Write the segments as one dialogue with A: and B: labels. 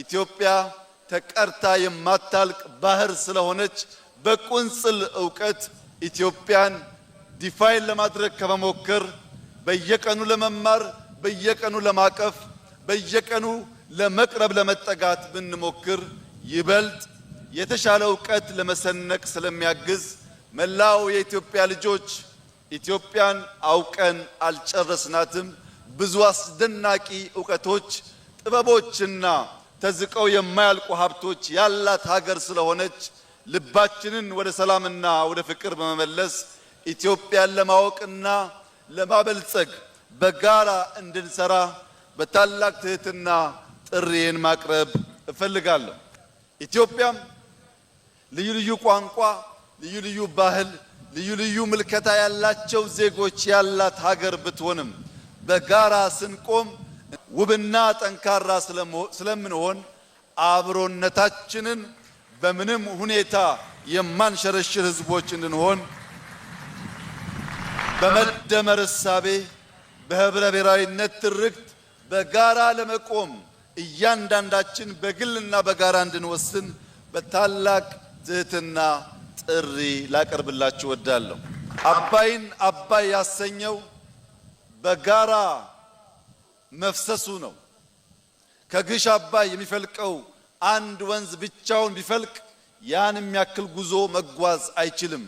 A: ኢትዮጵያ ተቀርታ የማታልቅ ባህር ስለሆነች በቁንጽል እውቀት ኢትዮጵያን ዲፋይን ለማድረግ ከመሞከር በየቀኑ ለመማር በየቀኑ ለማቀፍ በየቀኑ ለመቅረብ ለመጠጋት ብንሞክር ይበልጥ የተሻለ እውቀት ለመሰነቅ ስለሚያግዝ መላው የኢትዮጵያ ልጆች ኢትዮጵያን አውቀን አልጨረስናትም። ብዙ አስደናቂ እውቀቶች ጥበቦችና ተዝቀው የማያልቁ ሀብቶች ያላት ሀገር ስለሆነች ልባችንን ወደ ሰላምና ወደ ፍቅር በመመለስ ኢትዮጵያን ለማወቅና ለማበልጸግ በጋራ እንድንሰራ በታላቅ ትህትና ጥሪዬን ማቅረብ እፈልጋለሁ። ኢትዮጵያም ልዩ ልዩ ቋንቋ፣ ልዩ ልዩ ባህል፣ ልዩ ልዩ ምልከታ ያላቸው ዜጎች ያላት ሀገር ብትሆንም በጋራ ስንቆም ውብና ጠንካራ ስለምንሆን አብሮነታችንን በምንም ሁኔታ የማንሸረሽር ህዝቦች እንድንሆን በመደመር እሳቤ በህብረ ብሔራዊነት ትርክት በጋራ ለመቆም እያንዳንዳችን በግልና በጋራ እንድንወስን በታላቅ ትህትና ጥሪ ላቀርብላችሁ ወዳለሁ። አባይን አባይ ያሰኘው በጋራ መፍሰሱ ነው። ከግሽ አባይ የሚፈልቀው አንድ ወንዝ ብቻውን ቢፈልቅ ያን የሚያክል ጉዞ መጓዝ አይችልም።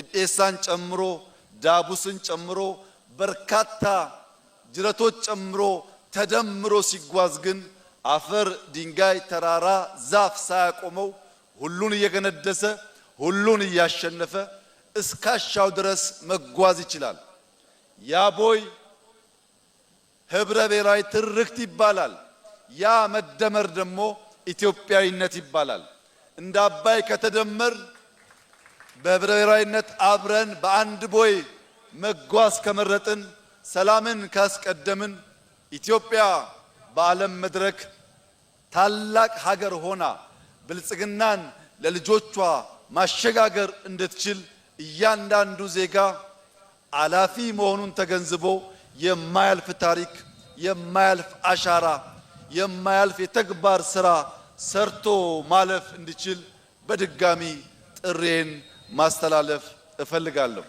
A: እዴሳን ጨምሮ ዳቡስን ጨምሮ በርካታ ጅረቶች ጨምሮ ተደምሮ ሲጓዝ ግን አፈር፣ ድንጋይ፣ ተራራ፣ ዛፍ ሳያቆመው ሁሉን እየገነደሰ ሁሉን እያሸነፈ እስካሻው ድረስ መጓዝ ይችላል ያ ቦይ ህብረ ብሔራዊ ትርክት ይባላል። ያ መደመር ደግሞ ኢትዮጵያዊነት ይባላል። እንደ አባይ ከተደመር በህብረ ብሔራዊነት አብረን በአንድ ቦይ መጓዝ ከመረጥን፣ ሰላምን ካስቀደምን ኢትዮጵያ በዓለም መድረክ ታላቅ ሀገር ሆና ብልጽግናን ለልጆቿ ማሸጋገር እንድትችል እያንዳንዱ ዜጋ አላፊ መሆኑን ተገንዝቦ የማያልፍ ታሪክ፣ የማያልፍ አሻራ፣ የማያልፍ የተግባር ስራ ሰርቶ ማለፍ እንዲችል በድጋሚ ጥሬን ማስተላለፍ እፈልጋለሁ።